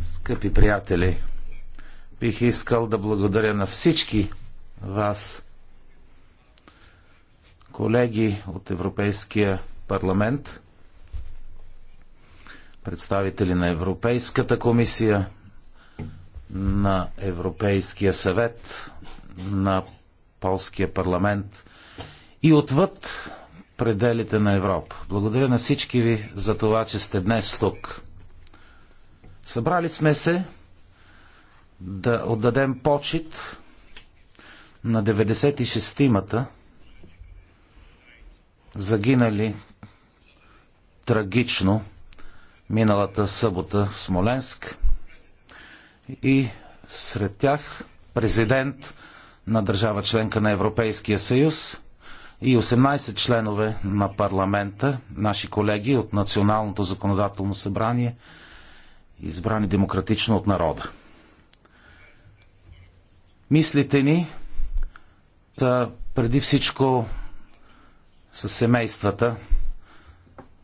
Скъпи приятели, бих искал да благодаря на всички вас, колеги от Европейския парламент, представители на Европейската комисия, на Европейския съвет, на Полския парламент и отвъд пределите на Европа. Благодаря на всички ви за това, че сте днес тук. Събрали сме се да отдадем почет на 96-тимата загинали трагично миналата събота в Смоленск и сред тях президент на държава членка на Европейския съюз – и 18 членове на парламента, наши колеги от Националното законодателно събрание, избрани демократично от народа. Мислите ни са преди всичко с семействата,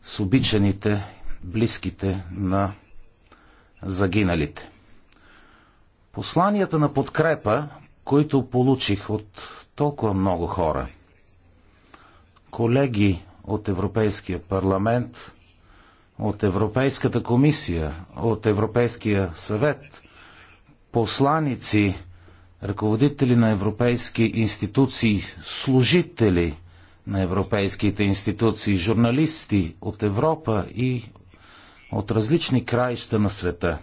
с обичаните, близките на загиналите. Посланията на подкрепа, които получих от толкова много хора – колеги от Европейския парламент, от Европейската комисия, от Европейския съвет, посланици, ръководители на европейски институции, служители на европейските институции, журналисти от Европа и от различни краища на света.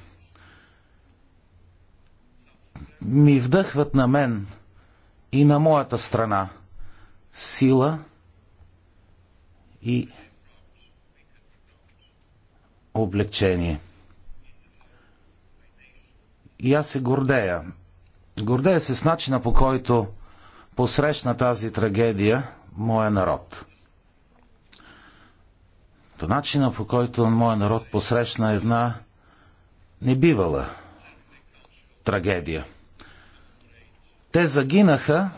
Ми вдъхват на мен и на моята страна сила – и облегчение. И аз се гордея. Гордея се с начина по който посрещна тази трагедия моя народ. То начина по който моя народ посрещна една небивала трагедия. Те загинаха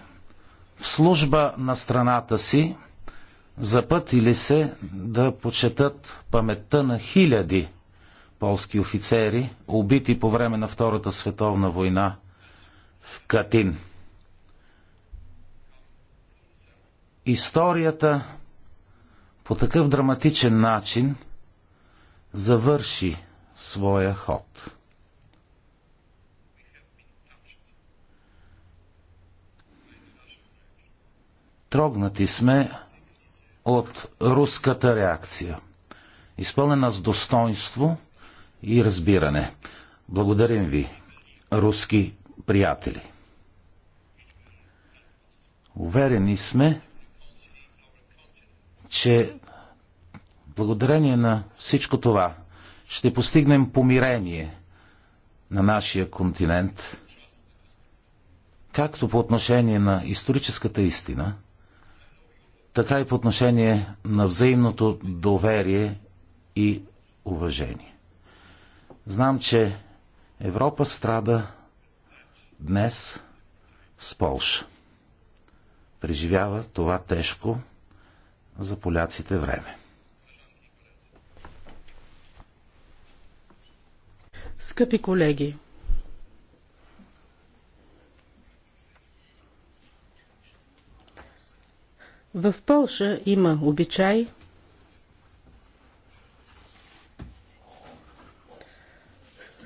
в служба на страната си Запътили се да почетат паметта на хиляди полски офицери, убити по време на Втората световна война в Катин. Историята по такъв драматичен начин завърши своя ход. Трогнати сме от руската реакция. Изпълнена с достоинство и разбиране. Благодарим ви, руски приятели. Уверени сме, че благодарение на всичко това ще постигнем помирение на нашия континент, както по отношение на историческата истина, така и по отношение на взаимното доверие и уважение. Знам, че Европа страда днес с Полша. Преживява това тежко за поляците време. Скъпи колеги, В Полша има обичай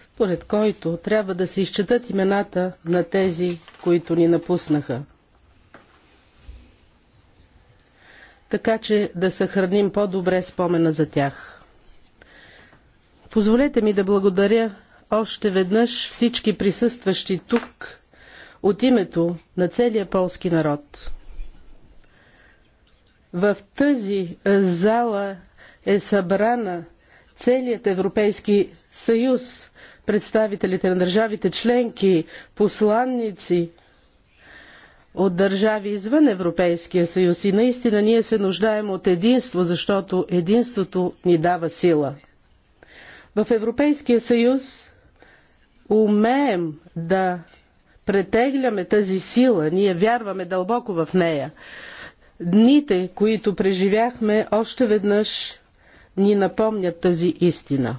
според който трябва да се изчетат имената на тези, които ни напуснаха. Така че да съхраним по-добре спомена за тях. Позволете ми да благодаря още веднъж всички присъстващи тук от името на целия полски народ в тази е, зала е събрана целият Европейски съюз, представителите на държавите членки, посланници от държави извън Европейския съюз. И наистина ние се нуждаем от единство, защото единството ни дава сила. В Европейския съюз умеем да претегляме тази сила, ние вярваме дълбоко в нея. Дните, които преживяхме, още веднъж ни напомнят тази истина.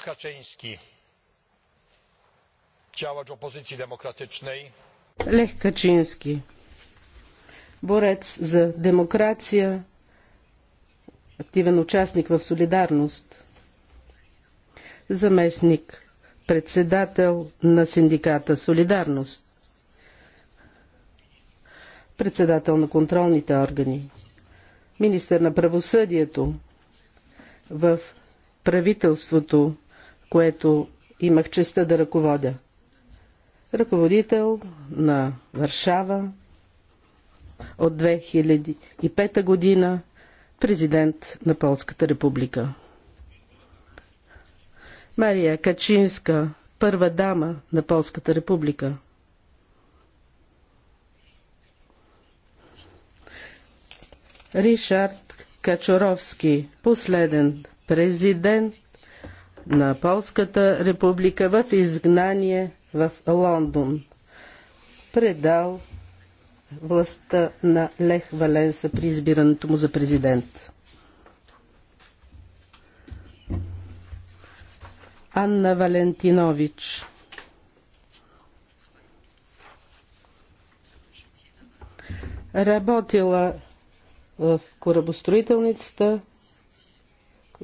Lech Kaczyński, działacz opozycji demokratycznej. Lech Kaczyński, борец за демокрация, активен участник в Солидарност, заместник председател на синдиката Солидарност, председател на контролните органи, министър на правосъдието в правителството което имах честа да ръководя. Ръководител на Варшава от 2005 година, президент на Полската република. Мария Качинска, първа дама на Полската република. Ришард Качоровски, последен президент на Полската република в изгнание в Лондон. Предал властта на Лех Валенса при избирането му за президент. Анна Валентинович Работила в корабостроителницата,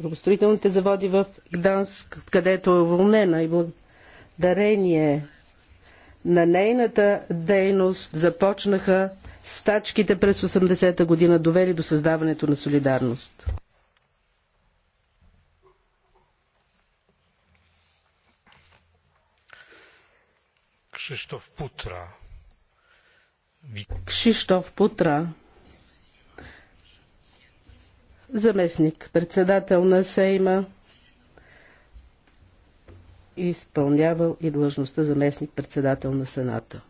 корабостроителните заводи в Гданск, където е уволнена и благодарение на нейната дейност започнаха стачките през 80-та година, довели до създаването на солидарност. Кшиштоф Путра. Кшиштоф Путра заместник председател на Сейма, изпълнявал и длъжността заместник председател на Сената.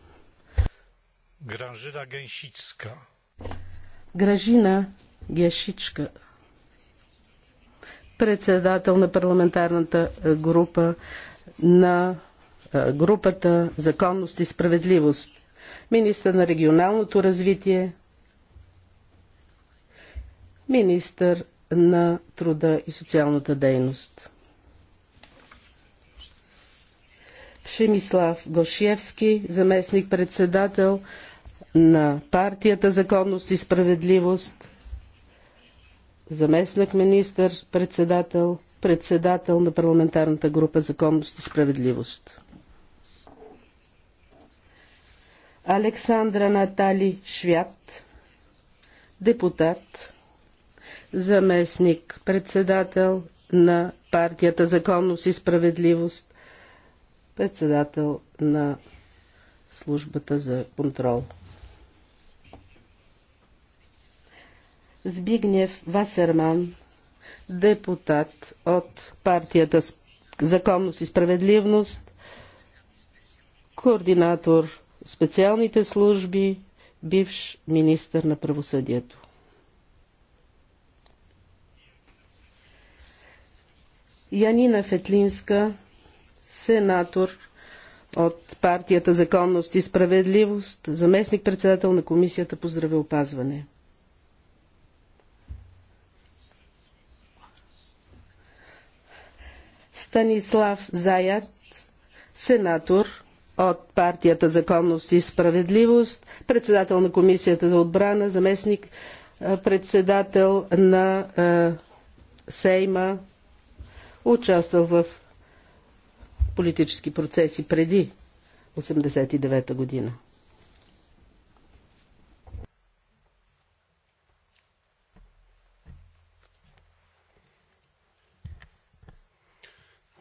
Гранжина Геншицка. Гражина Гешичка, председател на парламентарната е, група на е, групата Законност и справедливост, министър на регионалното развитие, министър на труда и социалната дейност. Шемислав Гошиевски, заместник-председател на партията Законност и справедливост, заместник-министър, председател, председател на парламентарната група Законност и справедливост. Александра Натали Швят, депутат, заместник председател на партията Законност и справедливост, председател на службата за контрол. Збигнев Васерман, депутат от партията Законност и справедливост, координатор специалните служби, бивш министър на правосъдието. Янина Фетлинска, сенатор от партията Законност и справедливост, заместник-председател на Комисията по здравеопазване. Станислав Заят, сенатор от партията Законност и справедливост, председател на Комисията за отбрана, заместник председател на Сейма участвал в политически процеси преди 89-та година.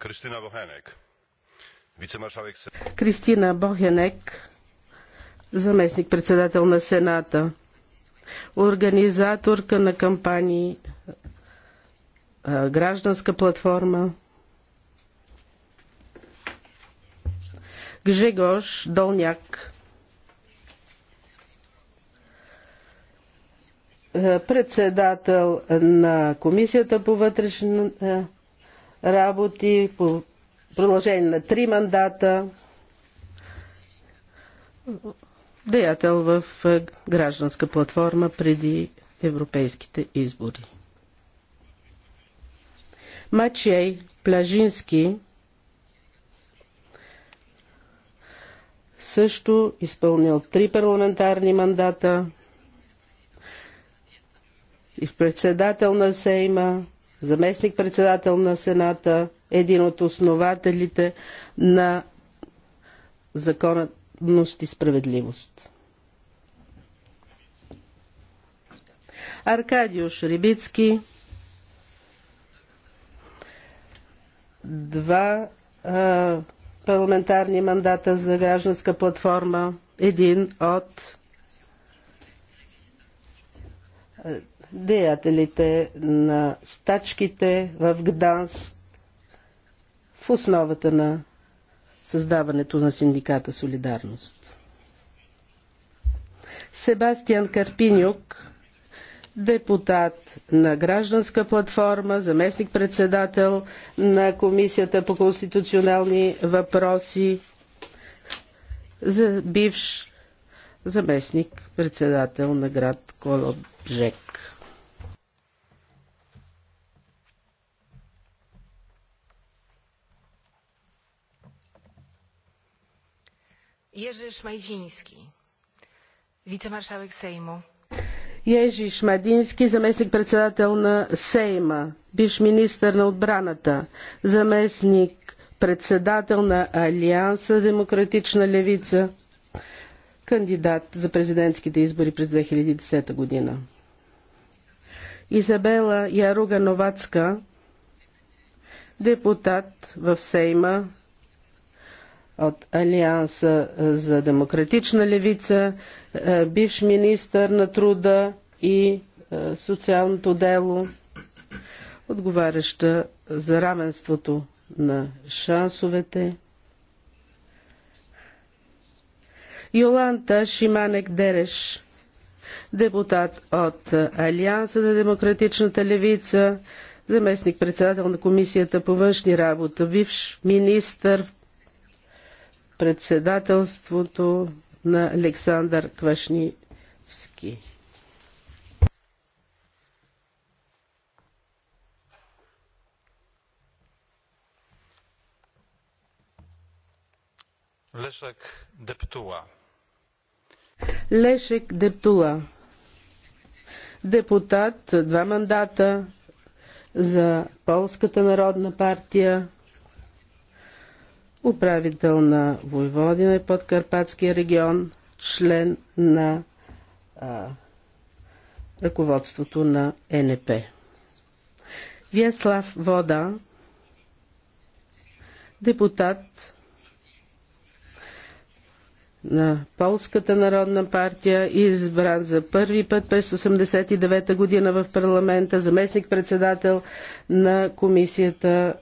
Бохенек, Bochenek, wicemarszałek Кристина Бохенек, заместник председател на Сената, организаторка на кампании гражданска платформа. Гжегош Долняк председател на Комисията по вътрешни работи по продължение на три мандата, деятел в гражданска платформа преди европейските избори. Maciej Плажински също изпълнил три парламентарни мандата и председател на Сейма, заместник-председател на Сената, един от основателите на законност и справедливост. Аркадиуш Рибицки – два а, парламентарни мандата за гражданска платформа, един от деятелите на стачките в Гданс в основата на създаването на синдиката Солидарност. Себастиан Карпинюк депутат на гражданска платформа, заместник-председател на Комисията по конституционални въпроси, за бивш заместник-председател на град Колобжек. Jerzy Szmajdziński, wicemarszałek Sejmu, Ежи Шмадински, заместник-председател на Сейма, бивш министър на отбраната, заместник председател на Алианса Демократична левица, кандидат за президентските избори през 2010 година. Изабела Яруга Новацка, депутат в Сейма, от Алианса е, за демократична левица, е, бивш министър на труда и е, социалното дело, отговаряща за равенството на шансовете. Йоланта Шиманек Дереш, депутат от Алианса на демократичната левица, заместник-председател на Комисията по външни работи, бивш министър председателството на Александър Квашнивски. Leszek Дептула. Лешек Дептула. Депутат, два мандата за Полската народна партия управител на Войводина и е Подкарпатския регион, член на а, ръководството на НП. Вяслав Вода, депутат на Полската народна партия, избран за първи път през 1989 година в парламента, заместник-председател на комисията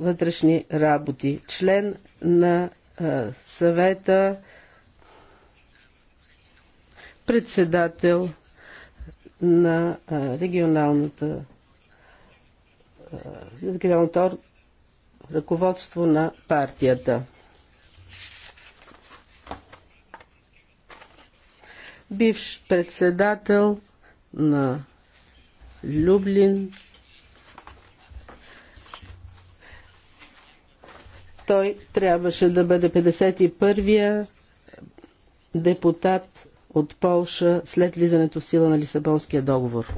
вътрешни работи, член на съвета, председател на регионалната регионалното ръководство на партията. Бивш председател на Люблин, той трябваше да бъде 51-я депутат от Полша след влизането в сила на Лисабонския договор.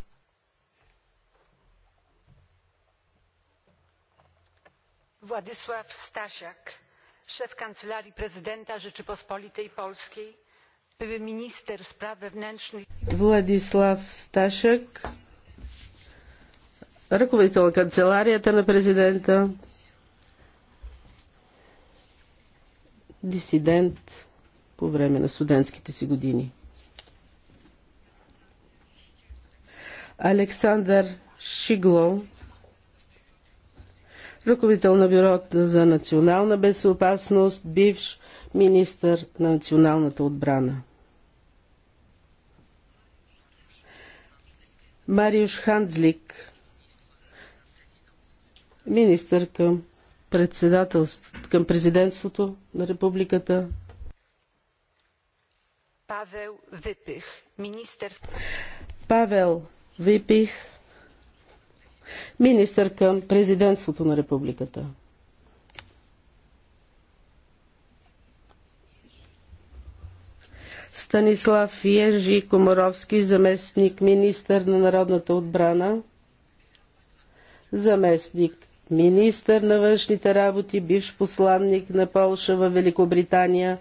Владислав Стасяк, шеф канцелярии президента и Полски, министър справ вевненшни... Владислав Стасяк, ръководител на канцеларията на президента, дисидент по време на студентските си години. Александър Шигло, ръководител на Бюрото за национална безопасност, бивш министър на националната отбрана. Мариуш Ханзлик, министър към председателството, към президентството на републиката? Павел Випих, министър. Павел Випих, министър към президентството на републиката. Станислав Ежи Комаровски, заместник министър на народната отбрана, заместник министър на външните работи, бивш посланник на Полша в Великобритания,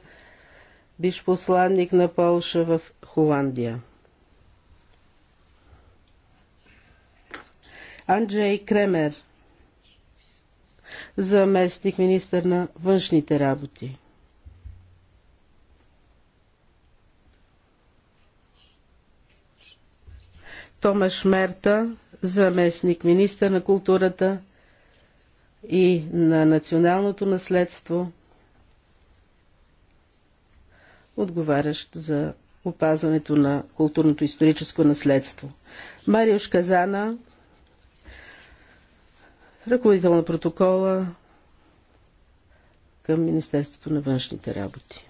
бивш посланник на Полша в Холандия. Анджей Кремер, заместник министър на външните работи. Томаш Мерта, заместник министър на културата и на националното наследство, отговарящ за опазването на културното историческо наследство. Мариош Казана, ръководител на протокола към Министерството на външните работи.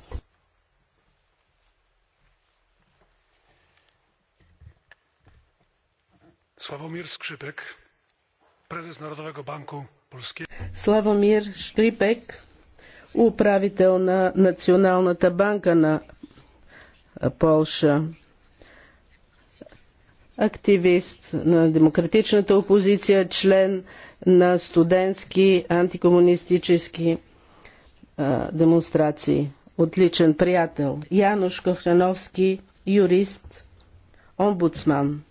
Sławomir Skrzypek, prezes Narodowego Banku Славомир Шкрипек, управител на Националната банка на Полша, активист на демократичната опозиция, член на студентски антикомунистически а, демонстрации. Отличен приятел. Януш Кохрановски, юрист, омбудсман.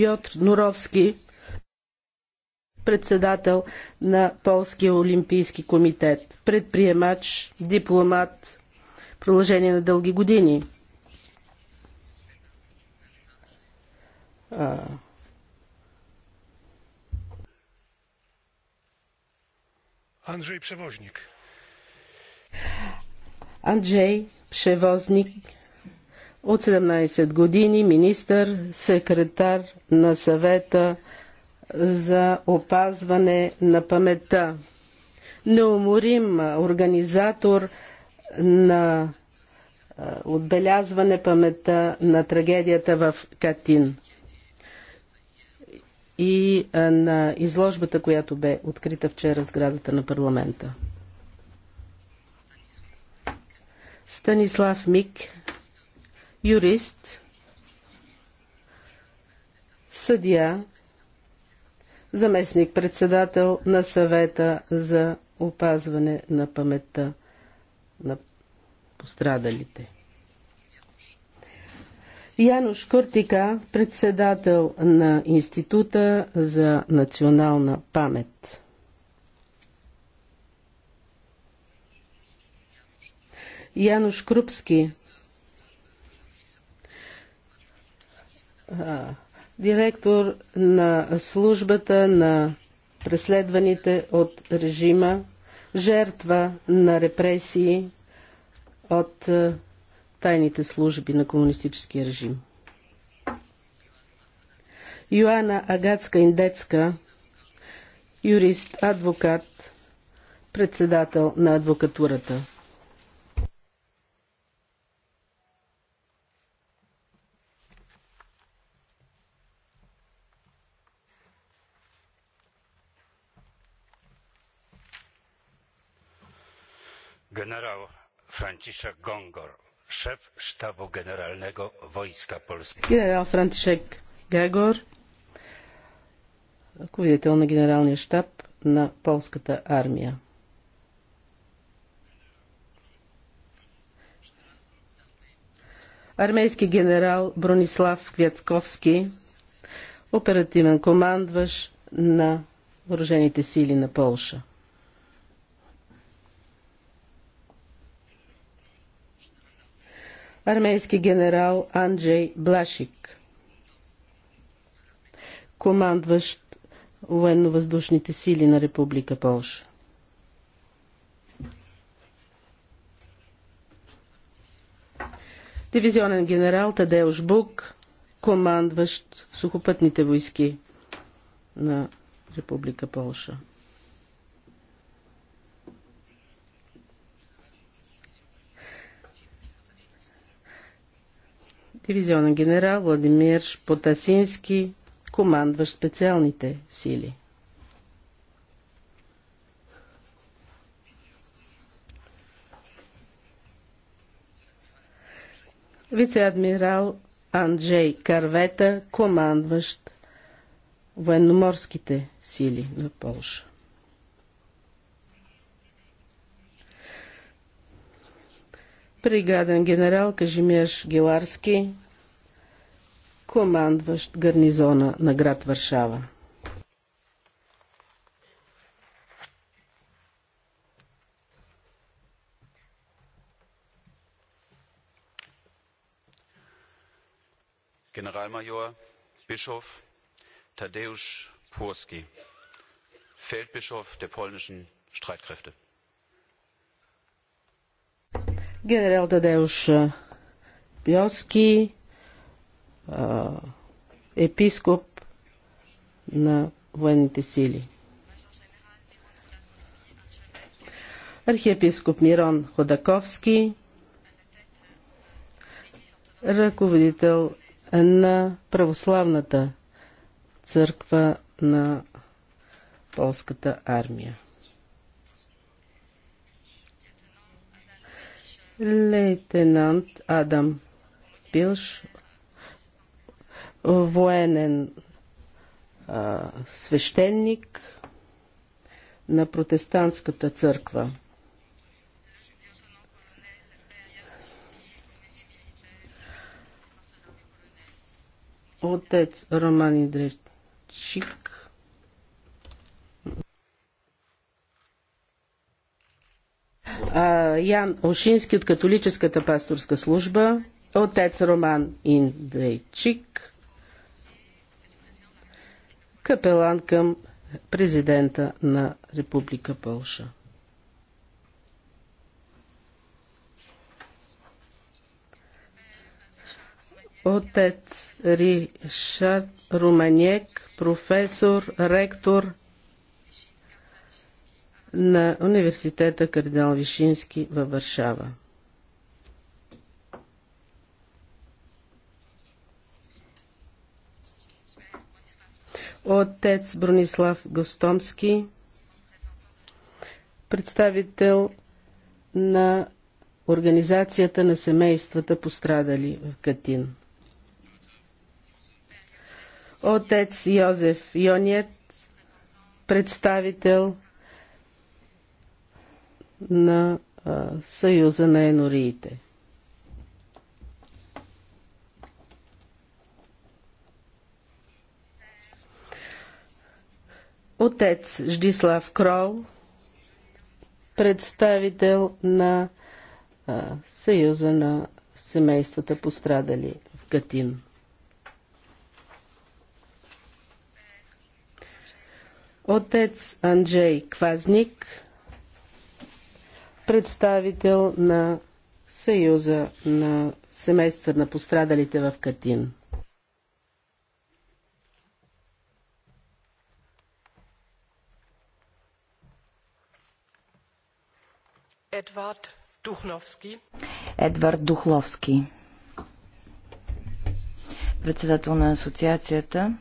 Пьотр Нуровски, председател на Полския олимпийски комитет, предприемач, дипломат, продължение на дълги години. А... Анджей Превозник. Анджей Превозник от 17 години министър, секретар на съвета за опазване на паметта. Неуморим организатор на отбелязване паметта на трагедията в Катин и на изложбата, която бе открита вчера в сградата на парламента. Станислав Мик юрист, съдия, заместник-председател на съвета за опазване на паметта на пострадалите. Януш Куртика, председател на Института за национална памет. Януш Крупски, директор на службата на преследваните от режима, жертва на репресии от тайните служби на комунистическия режим. Йоана Агацка Индецка, юрист-адвокат, председател на адвокатурата. Franciszek Gongor, szef sztabu generalnego Wojska Polskiego. Генерал Франтишек Гагор, ръководител на генералния штаб на полската армия. армейски генерал Бронислав Квятковски, оперативен командващ на въоръжените сили на Полша. армейски генерал Анджей Блашик, командващ военно-въздушните сили на Република Полша. Дивизионен генерал Тадеуш Бук, командващ сухопътните войски на Република Полша. дивизионен генерал Владимир Потасински, командващ специалните сили. Вице-адмирал Анджей Карвета, командващ военноморските сили на Полша. бригаден генерал Кажимеш Гиларски, командващ гарнизона на град Варшава. Generalmajor Bischof Tadeusz Purski, Feldbischof der polnischen Streitkräfte. Генерал Дадеуш Бьоски, епископ на военните сили. Архиепископ Мирон Ходаковски, ръководител на православната църква на полската армия. Лейтенант Адам Пилш, военен а, свещеник на протестантската църква. Отец Роман Идречик Ян Ошински от католическата пасторска служба, отец Роман Индрейчик, капелан към президента на Република Полша. Отец Ришард Руманек, професор, ректор на университета Кардинал Вишински във Варшава. Отец Бронислав Гостомски, представител на Организацията на семействата пострадали в Катин. Отец Йозеф Йонет, представител на Съюза на енориите. Отец Ждислав Крол, представител на Съюза на семействата пострадали в Катин. Отец Анджей Квазник, представител на Съюза на семейства на пострадалите в Катин. Едвард Духновски. Едвард Духловски. Председател на асоциацията,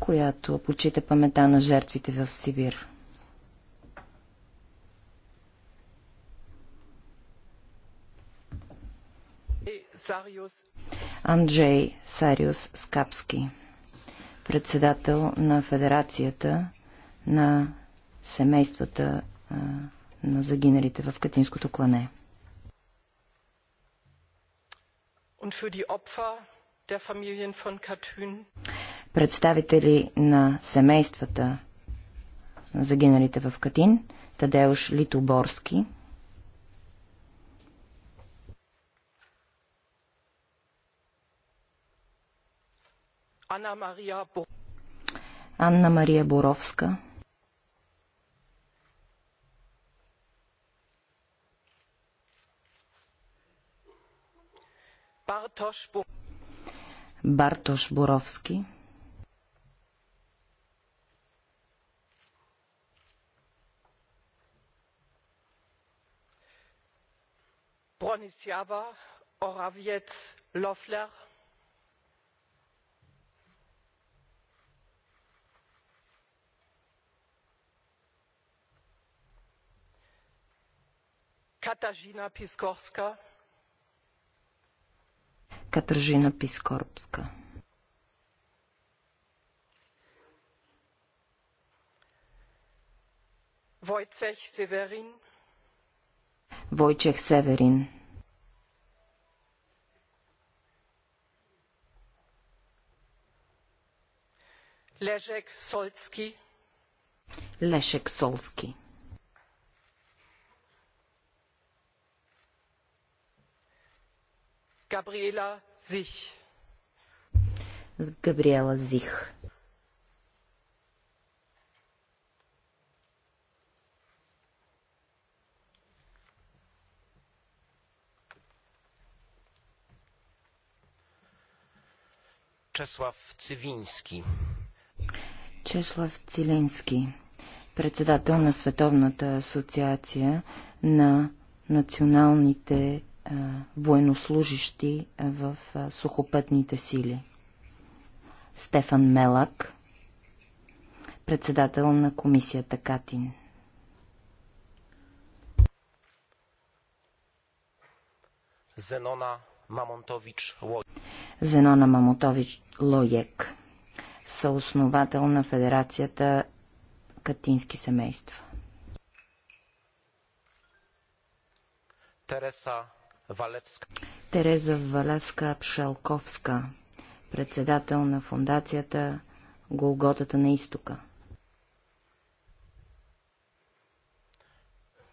която почита памета на жертвите в Сибир. Анджей Сариус Скапски, председател на Федерацията на семействата на загиналите в Катинското клане. Представители на семействата на загиналите в Катин, Тадеуш Литоборски – Анна Мария Боровска. Бартош Боровски. Бронисява Оравец Лофлер. Катажина Пискорска. Катажина Пискорска. Войцех Северин. Войчех Северин. Лешек Солски. Лешек Солски. Gabriela Sich. Gabriela Sich. Цивински. Чеслав Цилински, председател на Световната асоциация на националните военнослужащи в сухопътните сили. Стефан Мелак, председател на комисията Катин. Зенона Мамонтович Лоек. Зенона Мамонтович Лоек, съосновател на Федерацията Катински семейства. Тереса Валевска. Тереза Валевска Пшалковска, председател на фундацията Голготата на изтока.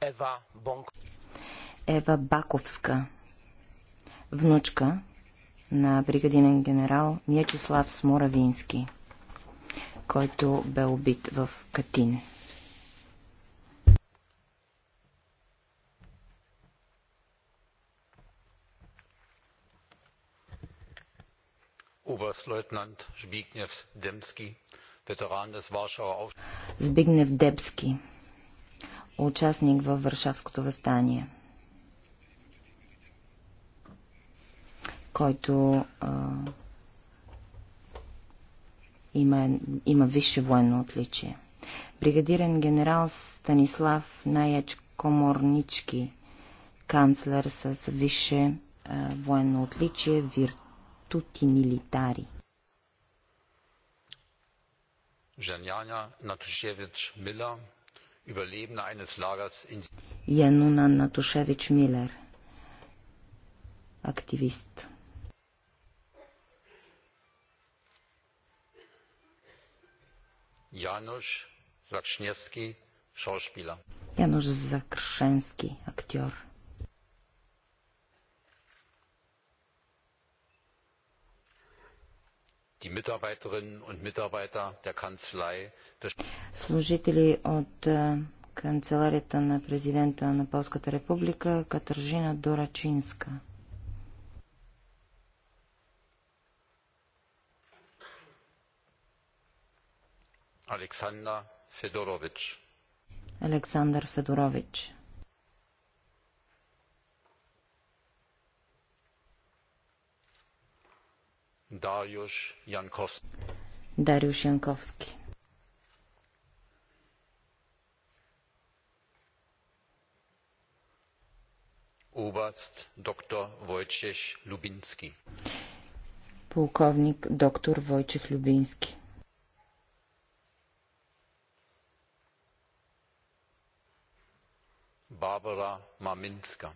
Ева, Бонк... Ева Баковска, внучка на бригадинен генерал Мячеслав Смуравински, който бе убит в Катин. Oberstleutnant Zbigniew Demski, ветеран из Варшава. Збигнев Депски, участник във Варшавското въстание. който а, има, има висше военно отличие. Бригадирен генерал Станислав Наяч Коморнички, канцлер с висше а, военно отличие, вирт tutti militari. Janjana Natushevich Miller, Überlebende eines Lagers in Януна Натушевич Милер, активист. Януш Закшневски, Schauspieler. Януш Закршенски, актьор. die Mitarbeiterinnen und Mitarbeiter der Kanzlei. Служители от е, канцеларията на президента на Полската република Катържина Дорачинска. Александър Федорович. Александър Федорович. Dariusz Jankowski. Dariusz Jankowski. Oberst dr Wojciech Lubinski. Pułkownik dr Wojciech Lubiński. Barbara Maminska.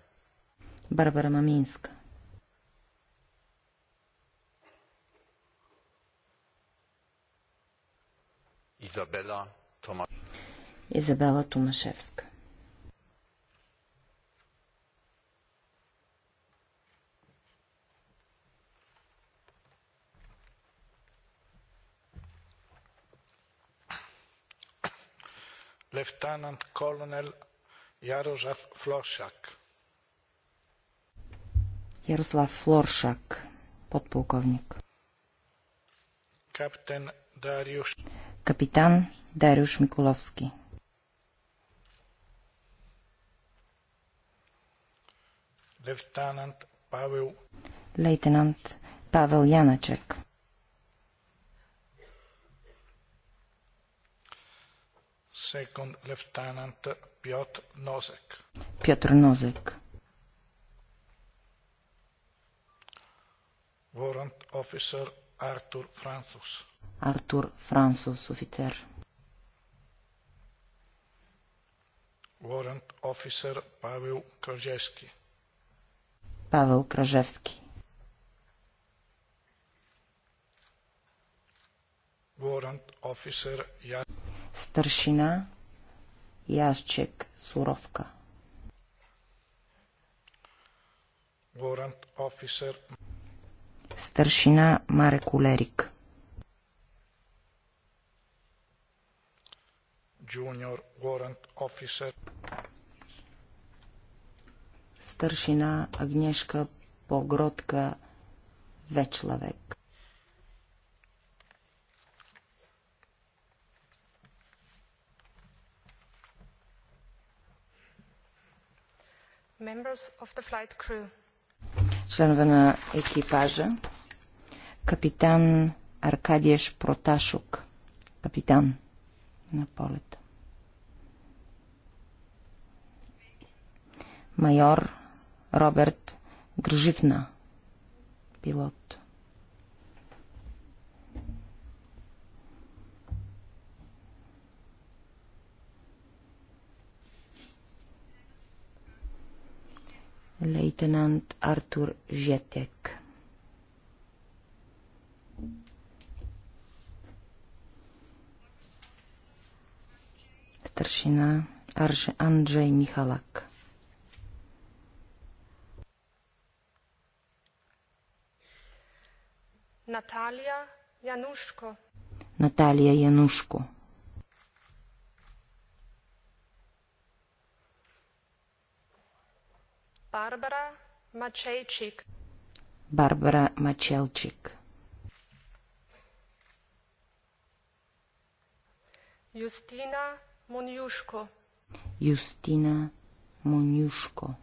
Barbara Mamińska. Изабела, Тома... Изабела Томашевска. лейтенант колонел Ярожав Флоршак. Ярослав Флоршак, подполковник. Каптен Дариуш капитан Дариуш Миколовски. Лейтенант Павел, Лейтенант Павел Яначек. Секунд лейтенант Пьот Нозек. Пьотр Нозек. Warrant Officer Артур Францус. Артур Франсус, офицер. Warrant officer Павел Кражевски. Павел Кражевски. Warrant officer Я... Старшина Ящек Суровка. Warrant officer Старшина Марек Олерик. junior warrant officer. Старшина Агнешка Погродка Вечлавек. Членове на екипажа. Капитан Аркадиеш Проташук. Капитан на полета. майор Роберт Гржифна, пилот. лейтенант Артур Жетек. Старшина Анджей Михалак. Наталия Янушко. Наталия Янушко. Барбара Мачейчик. Барбара Мачелчик. Юстина Монюшко. Юстина Монюшко.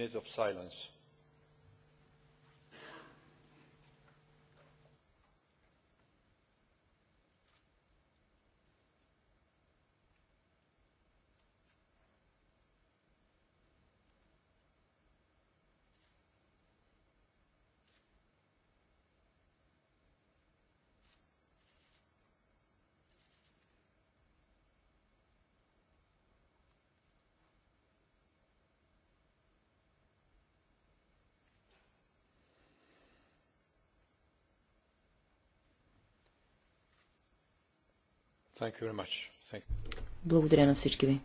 minute of silence. Благодаря на всички ви.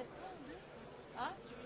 fais ça, non Hein